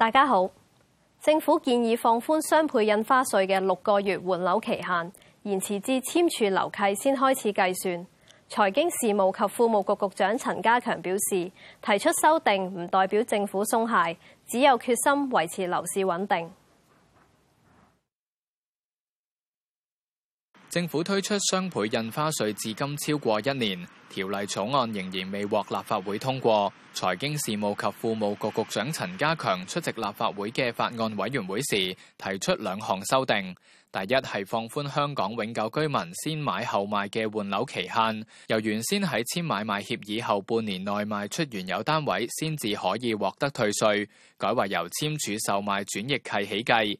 大家好，政府建議放寬雙倍印花稅嘅六個月換樓期限，延遲至簽署樓契先開始計算。財經事務及庫務局局局長陳家強表示，提出修訂唔代表政府鬆懈，只有決心維持樓市穩定。政府推出雙倍印花稅至今超過一年，條例草案仍然未獲立法會通過。財經事務及庫務局局，局長陳家強出席立法會嘅法案委員會時，提出兩項修訂：第一係放寬香港永久居民先買後賣嘅換樓期限，由原先喺簽買賣協議後半年內賣出原有單位先至可以獲得退稅，改為由簽署售賣轉易契起計。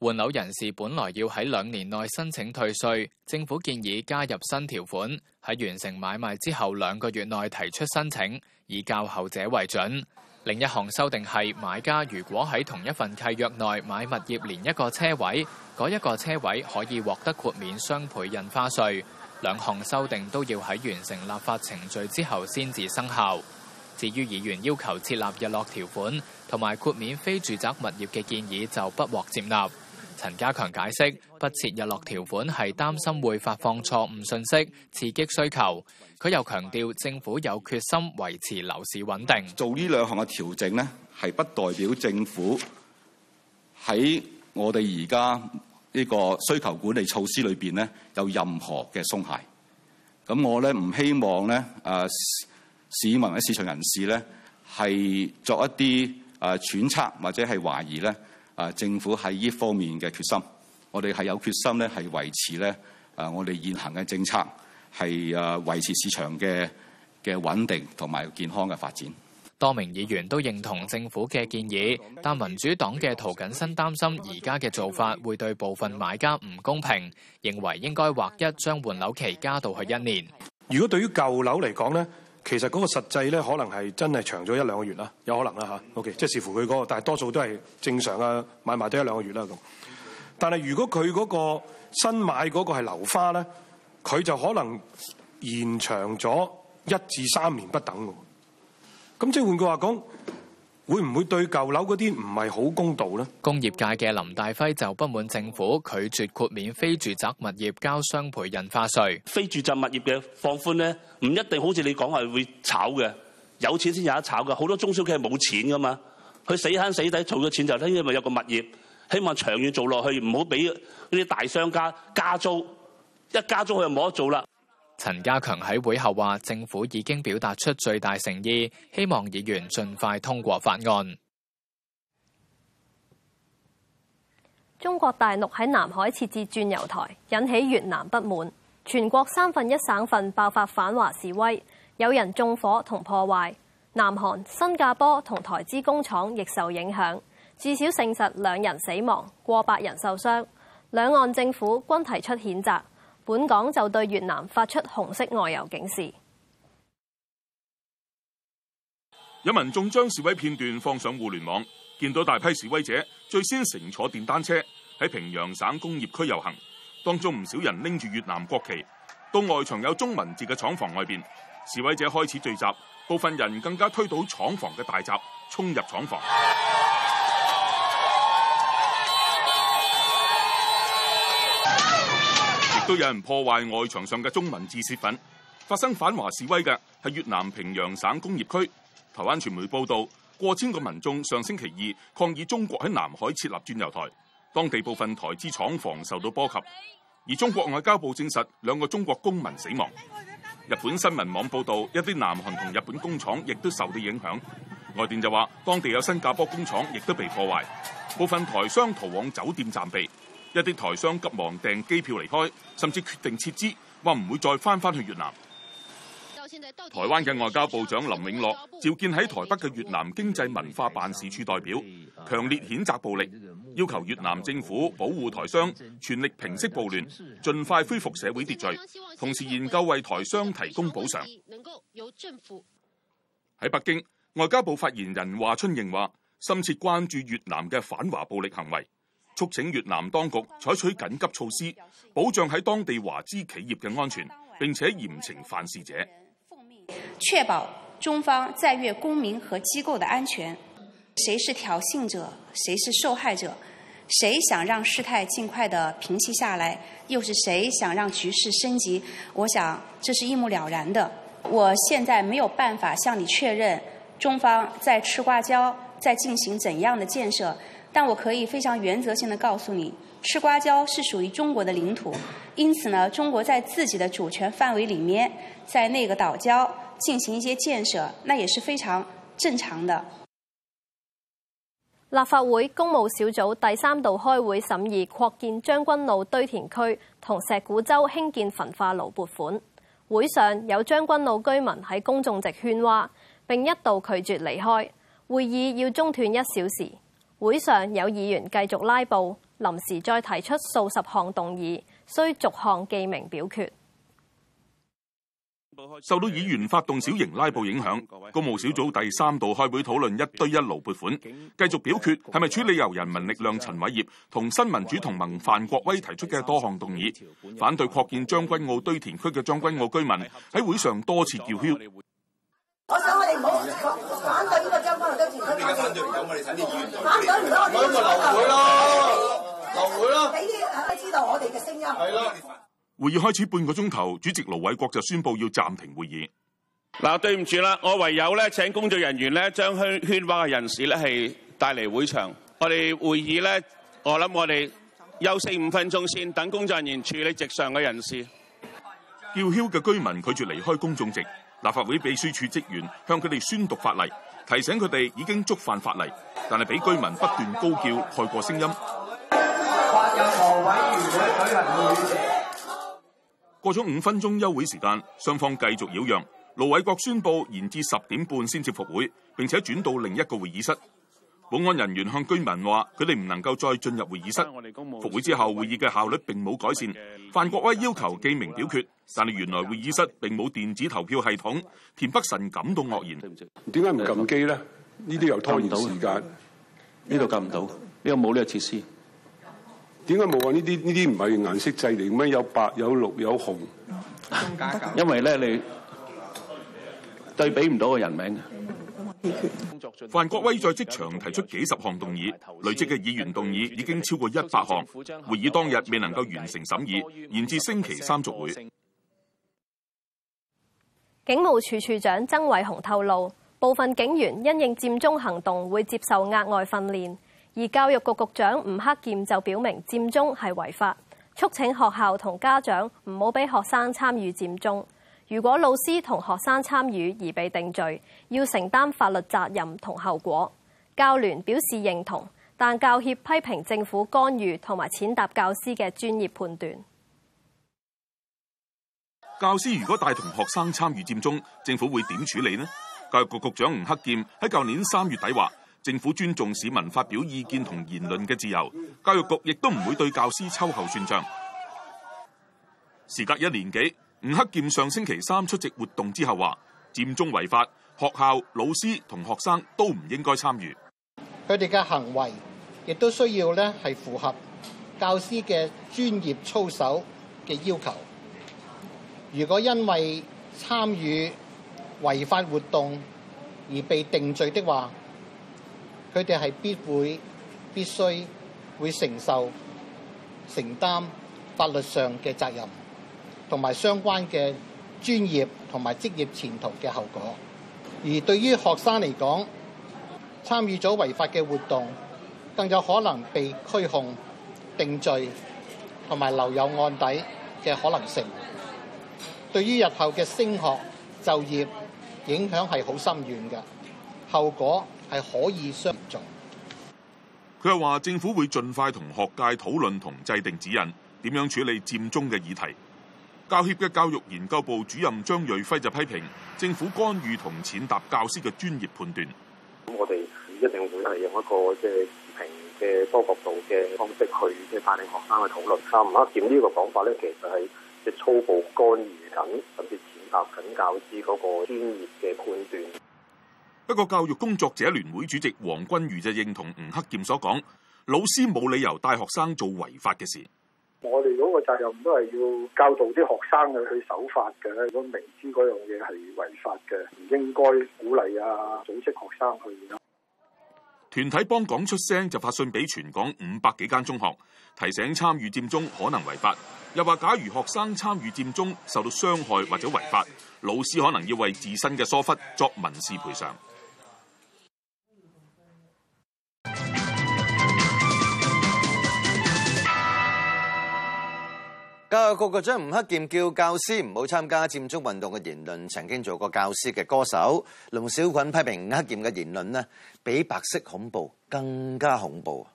換樓人士本來要喺兩年內申請退稅，政府建議加入新條款，喺完成買賣之後兩個月內提出申請，以較後者為準。另一項修訂係買家如果喺同一份契約內買物業連一個車位，嗰一個車位可以獲得豁免雙倍印花稅。兩項修訂都要喺完成立法程序之後先至生效。至於議員要求設立日落條款同埋豁免非住宅物業嘅建議，就不獲接納。陳家強解釋，不設日落條款係擔心會發放錯誤信息，刺激需求。佢又強調，政府有決心維持樓市穩定。做呢兩項嘅調整呢，係不代表政府喺我哋而家呢個需求管理措施裏邊呢有任何嘅鬆懈。咁我咧唔希望呢誒市民或市場人士呢係作一啲誒揣測或者係懷疑呢。啊！政府喺呢方面嘅決心，我哋係有決心咧，係維持咧啊！我哋現行嘅政策係啊維持市場嘅嘅穩定同埋健康嘅發展。多名議員都認同政府嘅建議，但民主黨嘅涂謹申擔心而家嘅做法會對部分買家唔公平，認為應該劃一將換樓期加到去一年。如果對於舊樓嚟講咧，其實嗰個實際咧，可能係真係長咗一兩個月啦，有可能啦吓 OK，即係視乎佢嗰個，但係多數都係正常啊，買賣都一兩個月啦咁。但係如果佢嗰個新買嗰個係樓花咧，佢就可能延長咗一至三年不等嘅。咁即係換句話講。會唔會對舊樓嗰啲唔係好公道咧？工業界嘅林大輝就不滿政府拒絕豁免非住宅物業交雙倍印花稅。非住宅物業嘅放寬咧，唔一定好似你講係會炒嘅，有錢先有得炒嘅。好多中小企係冇錢噶嘛，佢死慳死抵儲咗錢就因為有個物業，希望長遠做落去，唔好俾嗰啲大商家加租，一加租佢就冇得做啦。陳家強喺會後話，政府已經表達出最大誠意，希望議員盡快通過法案。中國大陸喺南海設置鑽油台，引起越南不滿，全國三分一省份爆發反華示威，有人縱火同破壞。南韓、新加坡同台資工廠亦受影響，至少證實兩人死亡，過百人受傷。兩岸政府均提出譴責。本港就對越南發出紅色外遊警示。有民眾將示威片段放上互聯網，見到大批示威者最先乘坐電單車喺平陽省工業區遊行，當中唔少人拎住越南國旗，到外牆有中文字嘅廠房外邊，示威者開始聚集，部分人更加推倒廠房嘅大閘，衝入廠房。都有人破壞外牆上嘅中文字洩憤，發生反華示威嘅係越南平陽省工業區。台灣傳媒報道，過千個民眾上星期二抗議中國喺南海設立鑽油檯，當地部分台資廠房受到波及。而中國外交部證實，兩個中國公民死亡。日本新聞網報道，一啲南韓同日本工廠亦都受到影響。外電就話，當地有新加坡工廠亦都被破壞，部分台商逃往酒店暫避。一啲台商急忙訂機票離開，甚至決定撤資，話唔會再翻返去越南。台灣嘅外交部長林永樂召見喺台北嘅越南經濟文化辦事處代表，強烈譴責暴力，要求越南政府保護台商，全力平息暴亂，盡快恢復社會秩序，同時研究為台商提供補償。喺北京，外交部發言人華春瑩話，深切關注越南嘅反華暴力行為。促請越南當局採取緊急措施，保障喺當地華資企業嘅安全，並且嚴懲犯事者，確保中方在越公民和機構的安全。誰是挑釁者？誰是受害者？誰想讓事態盡快的平息下來？又是誰想讓局勢升級？我想這是一目了然的。我現在沒有辦法向你確認中方在赤瓜礁在進行怎樣的建設。但我可以非常原則性的告訴你，赤瓜礁是屬於中國的領土，因此呢，中國在自己的主權範圍裏面，在那個島礁進行一些建設，那也是非常正常的。立法會公務小組第三度開會審議擴建將軍澳堆填區同石鼓洲興建焚化爐撥款，會上有將軍澳居民喺公眾席喧嘩，並一度拒絕離開，會議要中斷一小時。會上有議員繼續拉布，臨時再提出數十項動議，需逐項記名表決。受到議員發動小型拉布影響，公務小組第三度開會討論一堆一爐撥款，繼續表決係咪處理由人民力量陳偉業同新民主同盟范國威提出嘅多項動議，反對擴建將軍澳堆填區嘅將軍澳居民喺會上多次叫囂。唔該，要要我要要會，會要要知道我哋嘅聲音。要要會會議開始半個鐘頭，主席盧偉國就宣布要暫停會議。嗱，對唔住啦，我唯有咧，請工作人員咧將喧喧嘩嘅人士咧係帶嚟會場。我哋會議咧，我諗我哋休四五分鐘先，等工作人員處理席上嘅人士。叫囂嘅居民拒絕離開公眾席，立法會秘書處職員向佢哋宣讀法例，提醒佢哋已經觸犯法例。但係俾居民不斷高叫，蓋過聲音。過咗五分鐘休會時間，雙方繼續擾攘。盧偉國宣布延至十點半先至復會，並且轉到另一個會議室。保安人員向居民話：佢哋唔能夠再進入會議室。復會之後，會議嘅效率並冇改善。范國威要求記名表決，但係原來會議室並冇電子投票系統。田北辰感到愕然：「點解唔撳機呢？」呢啲又拖唔到，時間，呢度撳唔到，呢個冇呢個設施。點解冇啊？呢啲呢啲唔係顏色掣嚟咩？有白、有綠、有紅。 因為咧，你對比唔到個人名范 國威在職場提出幾十項動議，累積嘅議員動議已經超過一百項。會議當日未能夠完成審議，延至星期三續會。警務處處長曾偉雄透露。部分警員因應佔中行動會接受額外訓練，而教育局局長吳克儉就表明佔中係違法，促請學校同家長唔好俾學生參與佔中。如果老師同學生參與而被定罪，要承擔法律責任同後果。教聯表示認同，但教協批評政府干預同埋踐踏教師嘅專業判斷。教師如果帶同學生參與佔中，政府會點處理呢？教育局局長吳克儉喺舊年三月底話，政府尊重市民發表意見同言論嘅自由，教育局亦都唔會對教師秋後算賬。時隔一年幾，吳克儉上星期三出席活動之後話，佔中違法，學校、老師同學生都唔應該參與。佢哋嘅行為亦都需要咧係符合教師嘅專業操守嘅要求。如果因為參與，違法活動而被定罪的話，佢哋係必會必須會承受、承擔法律上嘅責任，同埋相關嘅專業同埋職業前途嘅後果。而對於學生嚟講，參與咗違法嘅活動，更有可能被拘控、定罪同埋留有案底嘅可能性。對於日後嘅升學、就業，影響係好深遠嘅，後果係可以相重。佢又話政府會盡快同學界討論同制定指引，點樣處理佔中嘅議題。教協嘅教育研究部主任張瑞輝就批評政府干預同踐踏教師嘅專業判斷。咁我哋一定會係用一個即係持平嘅多角度嘅方式去即係帶領學生去討論。三級佔呢個講法咧，其實係即係粗暴干預緊甚至。靠緊教師嗰個專業嘅判斷。不過教育工作者聯會主席黃均瑜就認同吳克儉所講：老師冇理由帶學生做違法嘅事。我哋嗰個責任都係要教導啲學生去守法嘅，如果明知嗰樣嘢係違法嘅，唔應該鼓勵啊組織學生去團體幫港出聲就發信俾全港五百幾間中學，提醒參與佔中可能違法，又話假如學生參與佔中受到傷害或者違法，老師可能要為自身嘅疏忽作民事賠償。教育局局長吳克儉叫教師唔好參加佔中運動嘅言論，曾經做過教師嘅歌手龍小菌批評吳克儉嘅言論呢，比白色恐怖更加恐怖。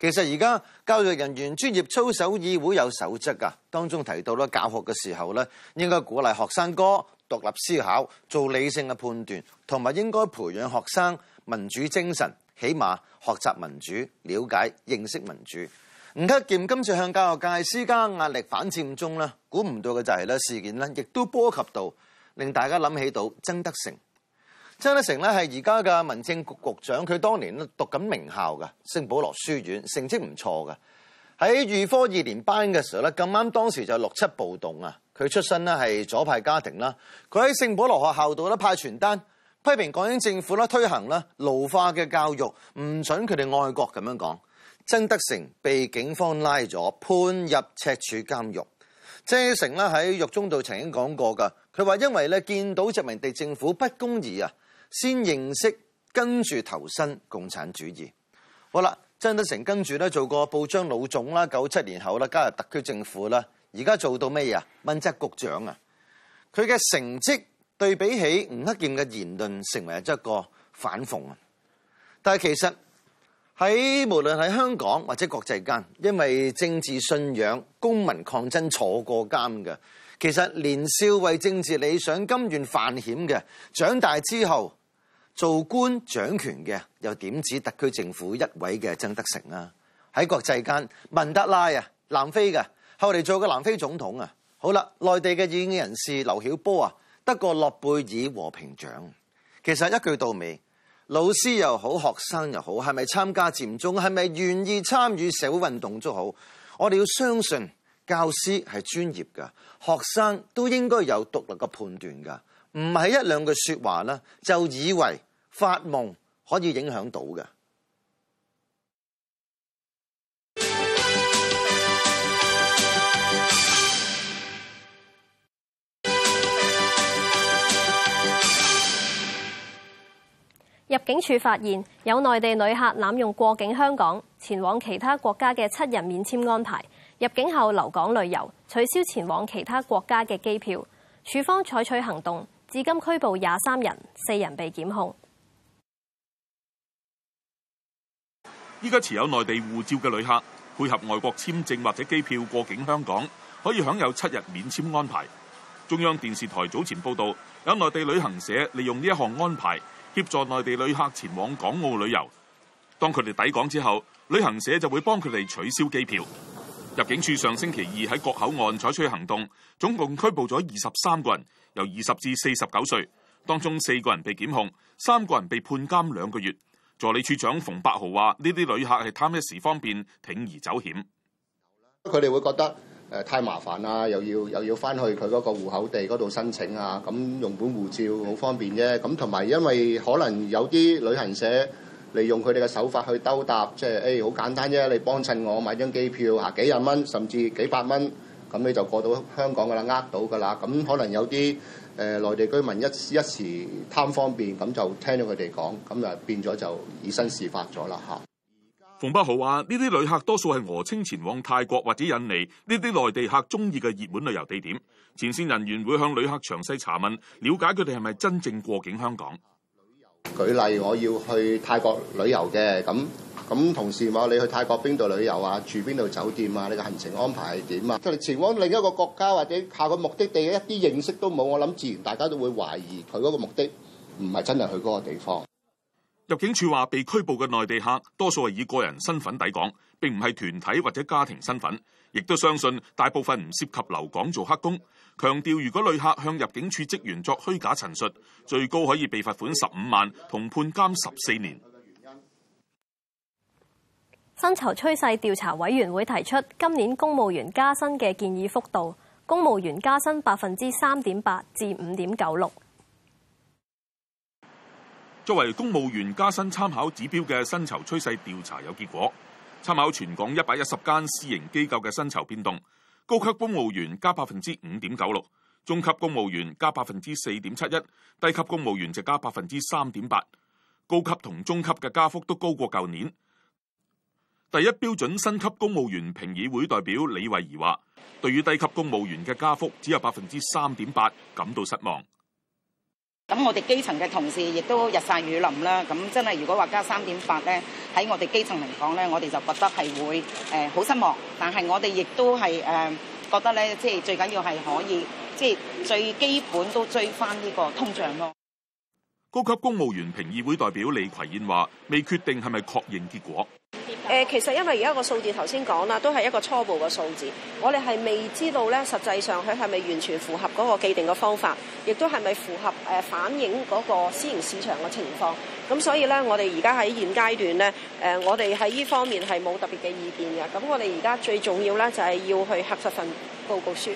其實而家教育人員專業操守議會有守則啊。當中提到咧，教學嘅時候咧，應該鼓勵學生哥獨立思考，做理性嘅判斷，同埋應該培養學生民主精神，起碼學習民主，了解認識民主。吳克儉今次向教育界施加壓力反佔中，估唔到嘅就係咧事件咧，亦都波及到令大家諗起到曾德成。曾德成咧係而家嘅民政局局長，佢當年咧讀緊名校嘅聖保羅書院，成績唔錯嘅。喺預科二年班嘅時候咧，咁啱當時就六七暴動啊。佢出身咧係左派家庭啦，佢喺聖保羅學校度咧派傳單，批評港英政府咧推行啦奴化嘅教育，唔准佢哋愛國咁樣講。曾德成被警方拉咗，判入赤柱監獄。曾德成咧喺獄中度曾經講過噶，佢話因為咧見到殖民地政府不公義啊，先認識跟住投身共產主義。好啦，曾德成跟住咧做過報章老總啦，九七年後啦加入特區政府啦，而家做到咩嘢啊？問責局長啊！佢嘅成績對比起吳克儉嘅言論，成為一個反諷啊！但係其實。喺無論喺香港或者國際間，因為政治信仰、公民抗爭坐過監嘅，其實年少為政治理想甘願犯險嘅，長大之後做官掌權嘅，又點止特區政府一位嘅曾德成啊？喺國際間，文德拉啊，南非嘅，後嚟做過南非總統啊。好啦，內地嘅異見人士劉曉波啊，得過諾貝爾和平獎。其實一句到尾。老師又好，學生又好，係咪參加佔中？係咪願意參與社會運動都好？我哋要相信教師係專業㗎。學生都應該有獨立嘅判斷噶，唔係一兩句說話呢，就以為發夢可以影響到㗎。入境處發現有內地旅客濫用過境香港前往其他國家嘅七日免簽安排，入境後留港旅遊，取消前往其他國家嘅機票。處方採取行動，至今拘捕廿三人，四人被檢控。依家持有內地護照嘅旅客配合外國簽證或者機票過境香港，可以享有七日免簽安排。中央電視台早前報道，有內地旅行社利用呢一項安排。協助內地旅客前往港澳旅遊，當佢哋抵港之後，旅行社就會幫佢哋取消機票。入境處上星期二喺各口岸採取行動，總共拘捕咗二十三個人，由二十至四十九歲，當中四個人被檢控，三個人被判監兩個月。助理處長馮伯豪話：呢啲旅客係貪一時方便，鋌而走險，佢哋會覺得。誒太麻煩啦，又要又要返去佢嗰個戶口地嗰度申請啊，咁用本護照好方便啫。咁同埋因為可能有啲旅行社利用佢哋嘅手法去兜搭，即係誒好簡單啫，你幫襯我買張機票嚇幾廿蚊，甚至幾百蚊，咁你就過到香港噶啦，呃到噶啦。咁可能有啲誒、呃、內地居民一一時貪方便，咁就聽到佢哋講，咁就變咗就以身試法咗啦嚇。馮柏豪話：呢啲旅客多數係訛稱前往泰國或者印尼，呢啲內地客中意嘅熱門旅遊地點。前線人員會向旅客詳細查問，了解佢哋係咪真正過境香港。舉例，我要去泰國旅遊嘅，咁咁同事話你去泰國邊度旅遊啊？住邊度酒店啊？你嘅行程安排係點啊？佢哋前往另一個國家或者下個目的地一啲認識都冇，我諗自然大家都會懷疑佢嗰個目的唔係真係去嗰個地方。入境處話，被拘捕嘅內地客多數係以個人身份抵港，並唔係團體或者家庭身份，亦都相信大部分唔涉及留港做黑工。強調，如果旅客向入境處職員作虛假陳述，最高可以被罰款十五萬同判監十四年。薪酬趨勢調查委員會提出，今年公務員加薪嘅建議幅度，公務員加薪百分之三點八至五點九六。作為公務員加薪參考指標嘅薪酬趨勢調查有結果，參考全港一百一十間私營機構嘅薪酬變動，高級公務員加百分之五點九六，中級公務員加百分之四點七一，低級公務員就加百分之三點八，高級同中級嘅加幅都高過舊年。第一標準新級公務員評議會代表李慧儀話，對於低級公務員嘅加幅只有百分之三點八感到失望。咁我哋基層嘅同事亦都日曬雨淋啦，咁真係如果話加三點八咧，喺我哋基層嚟講咧，我哋就覺得係會誒好失望。但係我哋亦都係誒覺得咧，即係最緊要係可以，即係最基本都追翻呢個通脹咯。高級公務員評議會代表李葵燕話：未決定係咪確認結果。誒，其實因為而家個數字頭先講啦，都係一個初步嘅數字，我哋係未知道咧，實際上佢係咪完全符合嗰個既定嘅方法，亦都係咪符合誒反映嗰個私營市場嘅情況？咁所以咧，我哋而家喺現階段咧，誒，我哋喺呢方面係冇特別嘅意見嘅。咁我哋而家最重要咧，就係要去核實份報告書。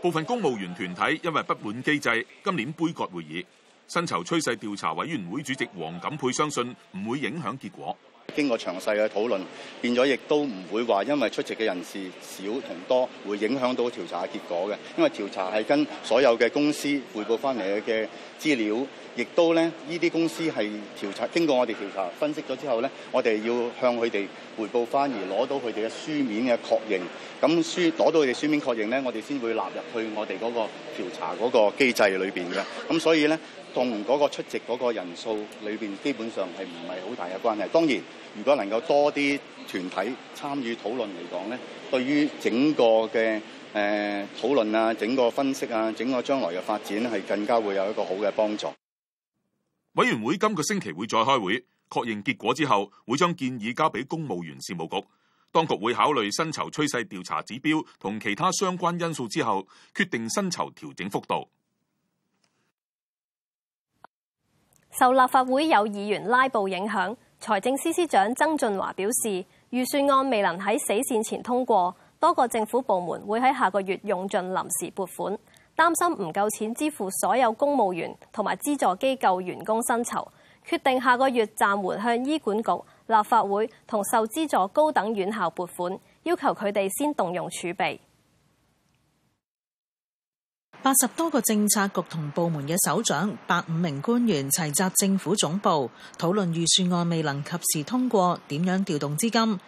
部分公務員團體因為不滿機制，今年杯葛會議。薪酬趨勢調查委員會主席黃錦佩相信唔會影響結果。經過詳細嘅討論，變咗亦都唔會話因為出席嘅人士少同多，會影響到調查結果嘅。因為調查係跟所有嘅公司匯報翻嚟嘅資料，亦都呢呢啲公司係調查經過我哋調查分析咗之後呢，我哋要向佢哋匯報翻而攞到佢哋嘅書面嘅確認。咁書攞到佢哋書面確認呢，我哋先會納入去我哋嗰個調查嗰個機制裏邊嘅。咁所以呢。同嗰個出席嗰個人數裏面基本上係唔係好大嘅關係。當然，如果能夠多啲團體參與討論嚟講咧，對於整個嘅誒、呃、討論啊、整個分析啊、整個將來嘅發展係更加會有一個好嘅幫助。委員會今個星期會再開會確認結果之後，會將建議交俾公務員事務局。當局會考慮薪酬趨勢調查指標同其他相關因素之後，決定薪酬調整幅度。受立法會有議員拉布影響，財政司司長曾俊華表示，預算案未能喺死線前通過，多個政府部門會喺下個月用盡臨時撥款，擔心唔夠錢支付所有公務員同埋資助機構員工薪酬，決定下個月暫緩向醫管局、立法會同受資助高等院校撥款，要求佢哋先動用儲備。八十多個政策局同部門嘅首長，百五名官員齊集政府總部討論預算案未能及時通過，點樣調動資金？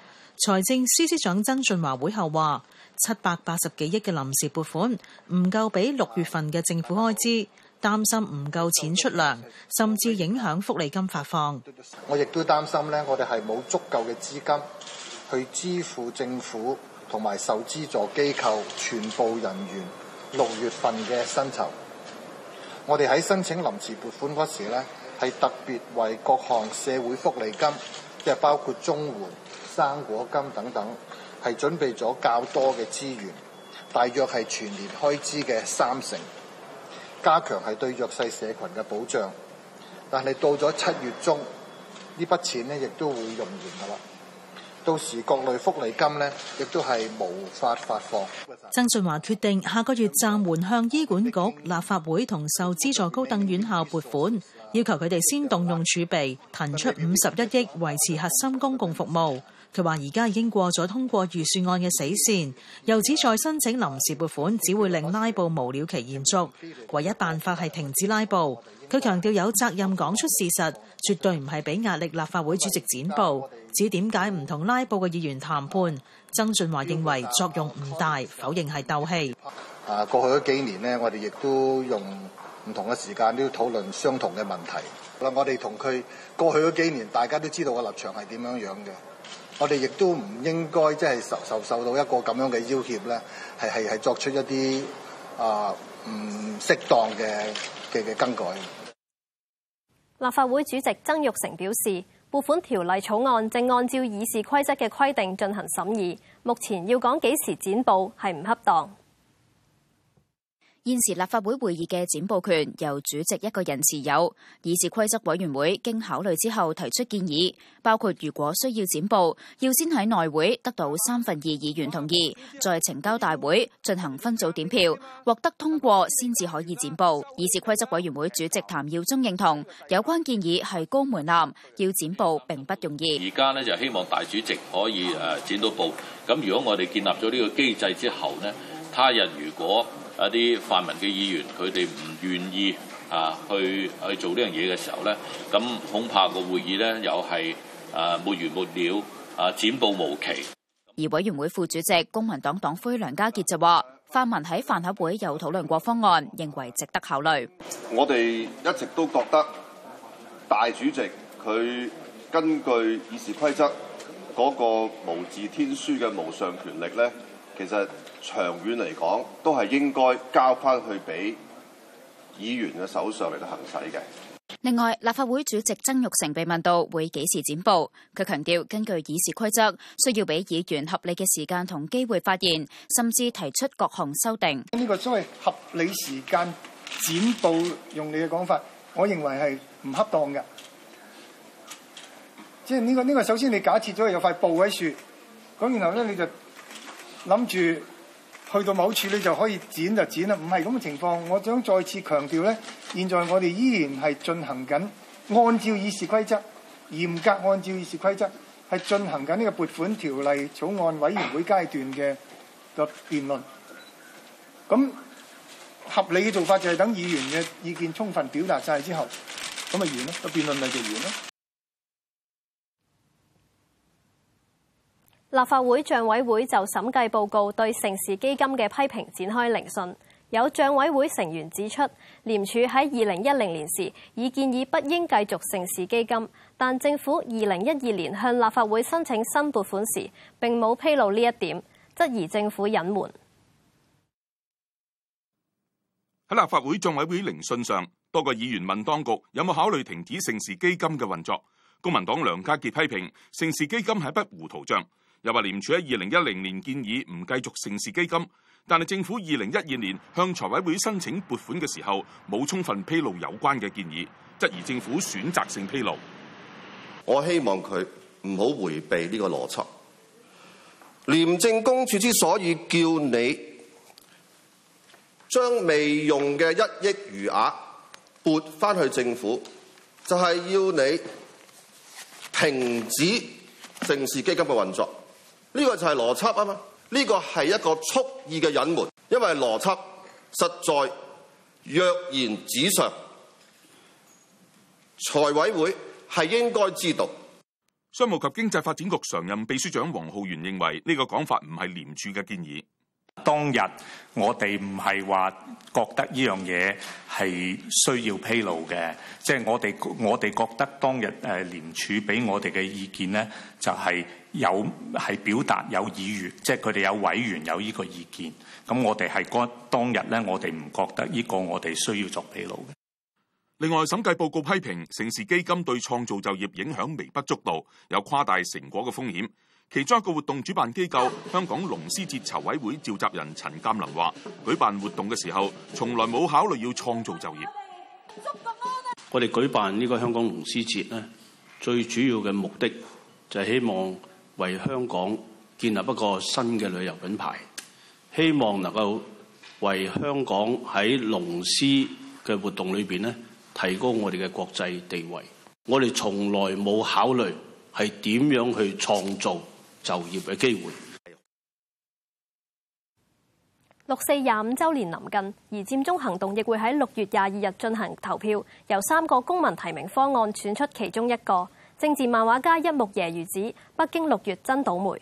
財政司司長曾俊華會後話：七百八十幾億嘅臨時撥款唔夠俾六月份嘅政府開支，擔心唔夠錢出糧，甚至影響福利金發放。我亦都擔心咧，我哋係冇足夠嘅資金去支付政府同埋受資助機構全部人員。六月份嘅薪酬，我哋喺申請臨時撥款嗰時咧，係特別為各項社會福利金，即係包括綜援、生果金等等，係準備咗較多嘅資源，大約係全年開支嘅三成，加強係對弱勢社群嘅保障。但係到咗七月中，呢筆錢咧亦都會用完噶啦。到時各類福利金呢，亦都係無法發放。曾俊華決定下個月暫緩向醫管局、立法會同受資助高等院校撥款，要求佢哋先動用儲備，騰出五十一億維持核心公共服務。佢話：而家已經過咗通過預算案嘅死線，由此再申請臨時撥款，只會令拉布無了期延續。唯一辦法係停止拉布。佢強調有責任講出事實，絕對唔係俾壓力立法會主席剪布。指點解唔同拉布嘅議員談判？曾俊華認為作用唔大，否認係鬥氣。啊，立法會主席曾鈺成表示，撥款條例草案正按照議事規則嘅規定進行審議，目前要講幾時剪布是唔恰當。現時立法會會議嘅剪布權由主席一個人持有，議事規則委員會經考慮之後提出建議，包括如果需要剪布，要先喺內會得到三分二議員同意，再呈交大會進行分組點票，獲得通過先至可以剪布。議事規則委員會主席譚耀宗認同有關建議係高門檻，要剪布並不容易。而家呢，就希望大主席可以誒剪到布，咁如果我哋建立咗呢個機制之後呢，他日如果一啲泛民嘅議員，佢哋唔願意啊去去做呢樣嘢嘅時候咧，咁恐怕個會議咧又係啊沒完沒了啊，展布無期。而委員會副主席公民黨黨魁梁家傑就話：泛民喺飯盒會有討論過方案，認為值得考慮。我哋一直都覺得大主席佢根據議事規則嗰個無字天書嘅無上權力咧，其實。長遠嚟講，都係應該交翻去俾議員嘅手上嚟到行使嘅。另外，立法會主席曾鈺成被問到會幾時剪布，佢強調根據議事規則，需要俾議員合理嘅時間同機會發言，甚至提出各項修訂。呢、這個所謂合理時間剪布，用你嘅講法，我認為係唔恰當嘅。即係呢個呢個，這個、首先你假設咗有塊布喺樹，咁然後咧你就諗住。去到某處你就可以剪就剪啦，唔係咁嘅情況。我想再次強調咧，現在我哋依然係進行緊，按照議事規則，嚴格按照議事規則係進行緊呢個撥款條例草案委員會階段嘅個辯論。咁合理嘅做法就係等議員嘅意見充分表達晒之後，咁咪完咯，個辯論咪就完咯。立法會賬委會就審計報告對盛事基金嘅批評展開聆訊，有賬委會成員指出，廉署喺二零一零年時已建議不應繼續盛事基金，但政府二零一二年向立法會申請新撥款時，並冇披露呢一點，質疑政府隱瞞。喺立法會賬委會聆訊上，多個議員問當局有冇考慮停止盛事基金嘅運作。公民黨梁家傑批評盛事基金係一筆糊塗賬。又話廉署喺二零一零年建議唔繼續盛事基金，但係政府二零一二年向財委會申請撥款嘅時候，冇充分披露有關嘅建議，質疑政府選擇性披露。我希望佢唔好回避呢個邏輯。廉政公署之所以叫你將未用嘅一億餘額撥翻去政府，就係、是、要你停止盛事基金嘅運作。呢、這個就係邏輯啊嘛，呢、這個係一個蓄意嘅隱瞞，因為邏輯實在躍然紙上，財委會係應該知道。商務及經濟發展局常任秘書長黃浩源認為呢個講法唔係廉署嘅建議。當日我哋唔係話覺得呢樣嘢係需要披露嘅，即係我哋我哋覺得當日誒廉署俾我哋嘅意見咧，就係有係表達有意願，即係佢哋有委員有呢個意見。咁我哋係嗰當日咧，我哋唔覺得呢個我哋需要作披露嘅。另外，審計報告批評盛事基金對創造就業影響微不足道，有誇大成果嘅風險。其中一個活動主辦機構香港龍獅節籌委會召集人陳鑑林話：舉辦活動嘅時候，從來冇考慮要創造就業。我哋舉辦呢個香港龍獅節呢，最主要嘅目的就係希望為香港建立一個新嘅旅遊品牌，希望能夠為香港喺龍獅嘅活動裏邊呢，提高我哋嘅國際地位。我哋從來冇考慮係點樣去創造就業嘅機會。六四廿五週年臨近，而佔中行動亦會喺六月廿二日進行投票，由三個公民提名方案選出其中一個。政治漫畫家一木耶如子：北京六月真倒霉。